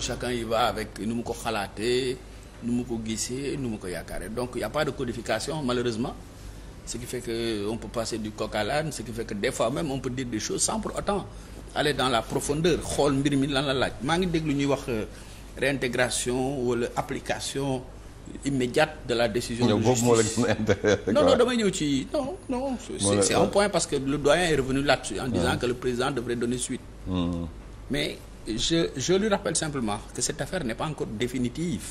chacun y va avec nu mu ko xalaatee nu mu ko gisee nu mu ko yaakaaree donc il y a pas de codification malheureusement ce qui fait que on peut passer du coq à l'âne ce qui fait que des fois même on peut dire des choses sans pour autant aller dans la profondeur xool mbir mi lan la laaj maa ngi déglu ñuy wax euh, réintégration wala application immédiate de la décision de justice non non damay ñëw ci non non c'est, un point parce que le doyen est revenu là je je lui rappelle simplement que cette affaire n'est pas encore définitive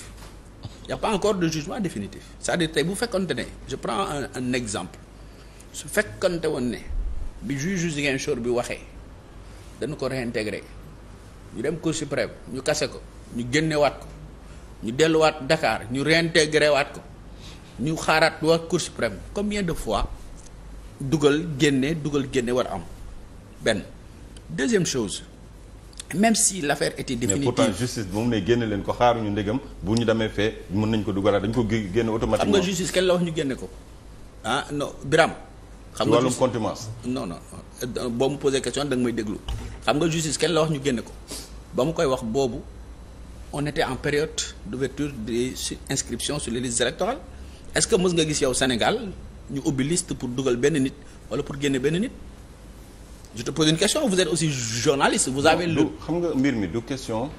il a pas encore de jugement définitif c'est-à-dire tey bu fekkante ne je prends un, un exemple su fekkante woon ne bi juge Ziguinchor bi waxee dañu ko réintégré ñu dem Cour suprême ñu kase ko ñu génnewaat ko ñu delluwaat Dakar ñu réintégré waat ko ñu xaaraat waa Cour suprême combien de fois dugal génne dugal génne war am benn deuxième chose même si l'affaire était définitive pourtant justice moom ne génne leen ko xaaruñu ndegam bu ñu demee fee mën nañ ko dugalaat dañ ko génne automatiquement. xam nga justice kenn la wax ñu génne ko ah non Birame. xam nga wàllum contumace. non non euh, boo mu posé question da nga may déglu xam nga justice kenn la wax ñu génne ko ba mu koy wax boobu on était en période d'ouverture des inscriptions su les listes électorales est-ce que mës nga gis yow Sénégal ñu ubbi liste pour dugal benn nit wala pour génne benn nit. je te pose une question vous aussi journaliste vous avez xam nga mbir mi du question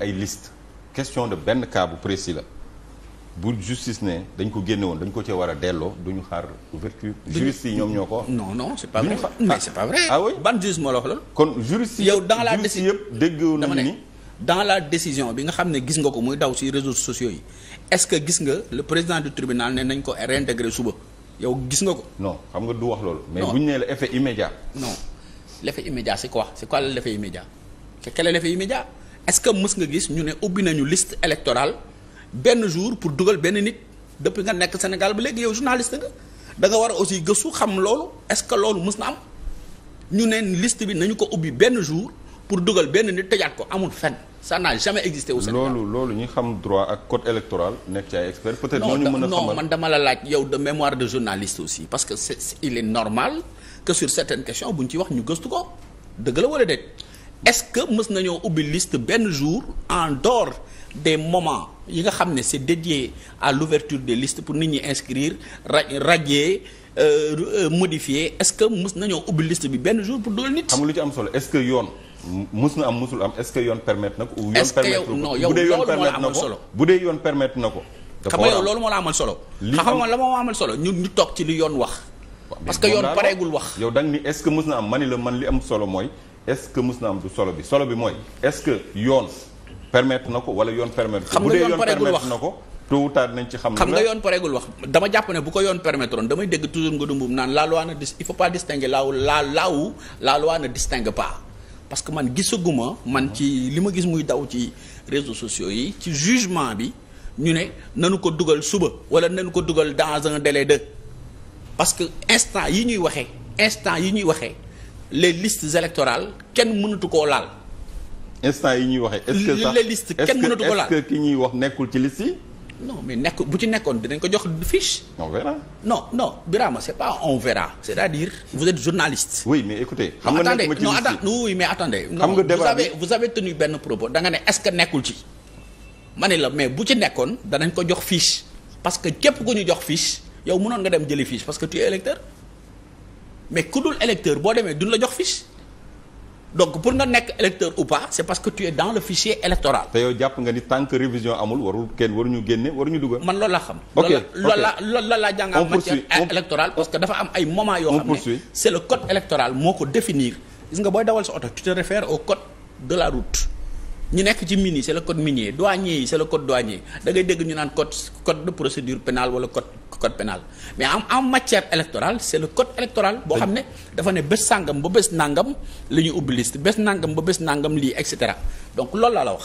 ay liste question de benn cas bu la bu justice ne dañ ko génne woon dañ ko cee war a delloo duñu xaar ouverture juriste yi ñoom ñoo ko wax non non c'est pas vrai mais c'est pas vrai ah ban juriste moo la wax loolu kon juriste yow dans la décision yëpp déggoo nañu ni dans la décision bi nga xam ne gis nga ko muy daw si réseaux sociaux yi est-ce que gis nga le président du tribunal ne nañ ko réintégrer suba yow gis nga ko non xam nga du wax loolu mais buñu nee la effet immédiat non lefe immédiat c'est quoi c'est quoi l'effet immédiat c'est quel est l'effet immédiat ce que mës nga gis ñu ne ubbi nañu list électorale benn jour pour dugal benn nit depuis nga nekk Sénégal bu léegi yow journaliste nga da war aussi gësu xam loolu est-ce que loolu mës na am ñu ne liste bi nañu ko ubbi benn jour pour dugal benn nit tëjaat ko amul fenn ça n'a jamais existé au Sénégal loolu ñu xam droit ak code électoral nekk ci ay experts mën a xamal non man dama la laaj yow de mémoire de parce que c'est il que sur certaines questions bu ñu ci wax ñu gëstu ko dëgg la wala déet est-ce que mës nañoo ubbi liste benn jour en door des moment yi nga xam ne c'est dédié à l'ouverture de listes pour nit ñi inscrire ra radier euh, euh, modifier est-ce que mës nañoo ubbi liste bi benn jour pour dool nit. xam lu ci am solo est que yoon. mus na am musul am est yoon permettre na ko. yoon permettre na ko bu dee yoon permettre na ko bu dee yoon permettre na ko. xam nga loolu moo la amal solo. li xam nga la moo amal solo ñun ñu toog ci li yoon wax. parce que yoon pareegul wax. yow da nga ni est-ce que mës na am mani la man li am solo mooy est-ce que mës na am du solo bi solo bi mooy est-ce que yoon permettre na ko wala yoon permettre. xam nga yoon wax na ko tôt ou tard nañ ci xam. xam nga yoon pareegul wax dama jàpp ne bu ko yoon permettre woon damay dégg toujours nga dumbum naan la loi ne la la là où la loi ne distingue pas. parce que man gisaguma man ci li ma gis muy daw ci réseaux sociaux yi ci jugement bi ñu ne nanu ko dugal suba wala nanu ko dugal dans un délai de. parce que instant yi ñuy waxee instant yi ñuy waxee les listes électorales kenn mënatu koo laal. instant yi ñuy waxee. est-ce que sax les listes kenn mënatu ko laal est-ce que ki ñuy wax nekkul ci liste yi. non mais nekk bu ci nekkoon dinañ ko jox fiche. on verra. non non Birama c'est pas on verra. c'est-à-dire vous êtes journaliste. oui mais écoutez. xam nga nekkuma ci non attendez non oui mais attendez. xam nga débat bi vous avez vous avez tenu benn propos da nga ne est-ce que nekkul ci. ma ne la mais bu ci nekkoon danañ ko jox fiche parce que képp ku ñu jox fiche. yow mënoon nga dem jëli fiche parce que tu es électeur mais ku dul électeur boo demee duñ la jox fiche donc pour nga nekk électeur ou pas c'est parce que tu es dans le fichier électoral. te yow jàpp nga ni tant que révision amul warul kenn waruñu génne waruñu dugal. man loolu laa xam. ok loolu la loolu la laa jàngaa matière électorale parce que dafa am ay moment yoo xam ne c'est le code électoral moo ko définir gis nga booy dawal sa oto tu te réfères ñu nekk ci mine yi code minier douanier yi c'est le code douanier da dégg ñu naan code code de procédure pénale wala code code pénal mais am en matière électorale c'est le code électoral boo xam ne dafa ne bés sàngam ba bés nàngam la ñuy ubbi liste bés nàngam ba bés nàngam lii et cetera donc loolu laa la wax